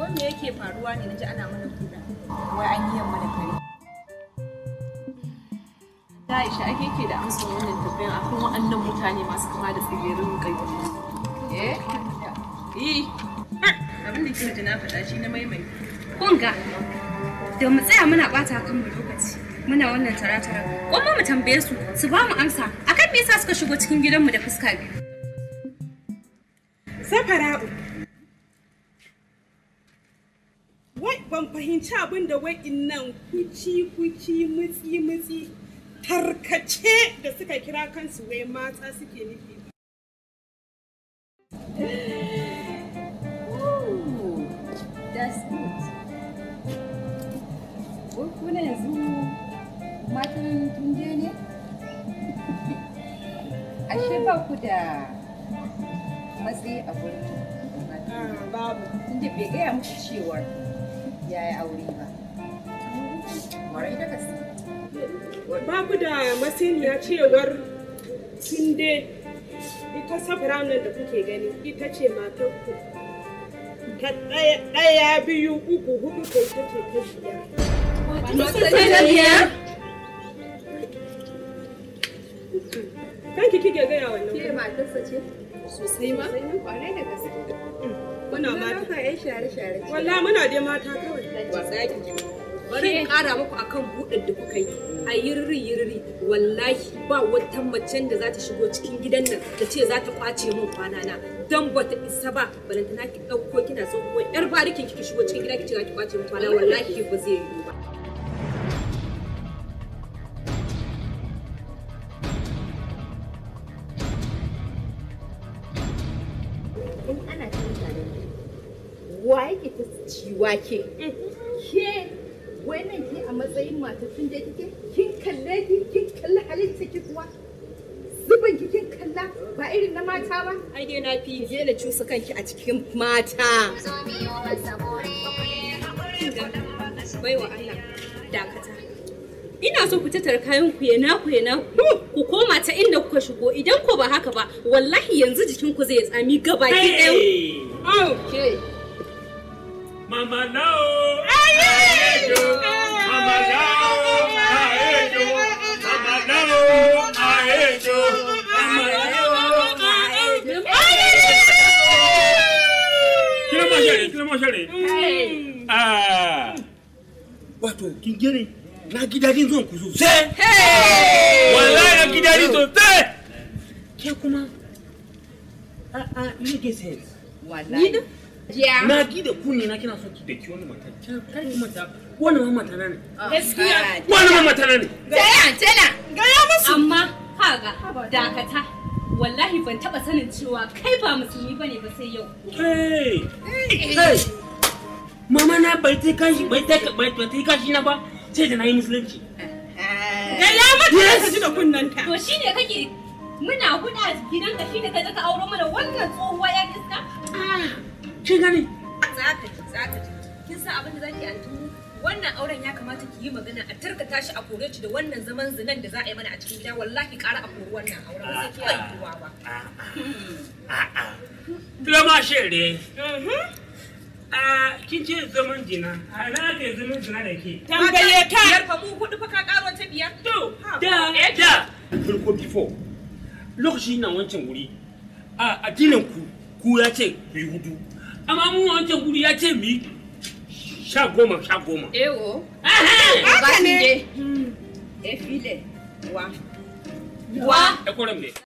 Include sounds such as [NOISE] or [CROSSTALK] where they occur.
Wanda yake faruwa ne na ji ana mana kuda. Wai an yi Aisha ake ke da amsa wannan tambayan akan waɗannan mutane masu kama da tsibirin kai. Eh? Eh. Abin da kika ji na faɗa shi na maimai. Kun ga da mu tsaya muna ɓata kan mu lokaci muna wannan taratara kuma mu tambaye su su ba mu amsa akan me yasa suka shigo cikin gidanmu da fuska biyu. Safara'u. Wai ban fahimci abin da wa'in nan kuci kuci mutsi mutsi tarkace da suka kira kansu wai mata suke nufi kuna yanzu matan tunje ne? [LAUGHS] Ashe ba ku da matsayi a gurin ah, Babu. Tunje bai gaya muku cewar yayi aure ba. Babu da masaniya cewar tunde ita sabra da kuke gani ita ce matar ta ɗaya biyu uku hudu ita ce ta biyar kanki kike gaya wannan ke matarsa ce sosai ma kwarai da gaske mm, muna mata wallahi muna dai mata kawai ba bari in kara muku akan buɗin da kuka yi a yirri yirri wallahi ba wata macen da za ta shigo cikin gidan nan ta ce za ta kwace min kwana na dan ba ta isa ba balantana ki dauko kina ko yar barikin kiki shigo cikin gida ki za ki kwace min kwana wallahi ba zai yi ba wa yake ta ciwa eh, ke ke wai nan a matsayin matattun da kike kin kalle ki kin kalle halitta ki kuwa zubin ki kin kalla ba irin na mata ba ai dai na fi je na cusa kanki a cikin mata baiwa Allah dakata ina so ku tattara kayan ku ya ku ya naku ku koma ta inda kuka shigo idan ko ba haka ba wallahi yanzu jikin ku zai tsami gaba ki ɗaya. Oh, Mama now. wato kin gane na ji dadin zuwan ku sosai wallahi na ji dadin sosai ke kuma a'a ni ke sense wallahi na ki da ku ne na kina so ki da ki wani mata kar ki mata oh, wani mama tana ne gaskiya wani mama tana ne tana tana gaya musu amma kaga dakata wallahi ban taba sanin cewa kai ba musulmi bane ba sai yau kai mama na bai ta kashi bai ta bai ta kashi na ba sai da nayi musulunci eh. gaya mata ka ji da kunnanta to shine kake muna huda gidanka shine ka ka auro mana wannan tsohuwa ya kin gani za ka ji za ka ji kin san abin da zaki antu wannan auren ya kamata ki yi magana a tarkata shi a kore shi da wannan zaman zinan da za a yi mana a cikin gida wallahi ƙara a kore wannan auren ba sai kiwa yiwuwa ba a'a drama shere a kin ce zaman jina a ka zaman jina da ke tambaye ta biyar fa mu hudu fa ka karo ta biyar to da da farko before lokacin nan wancan wuri a addinin ku ku ya ce ku yi hudu amma mu wancan guri ya ce mi sha goma sha goma ewo haka ne efile wa wa ekorem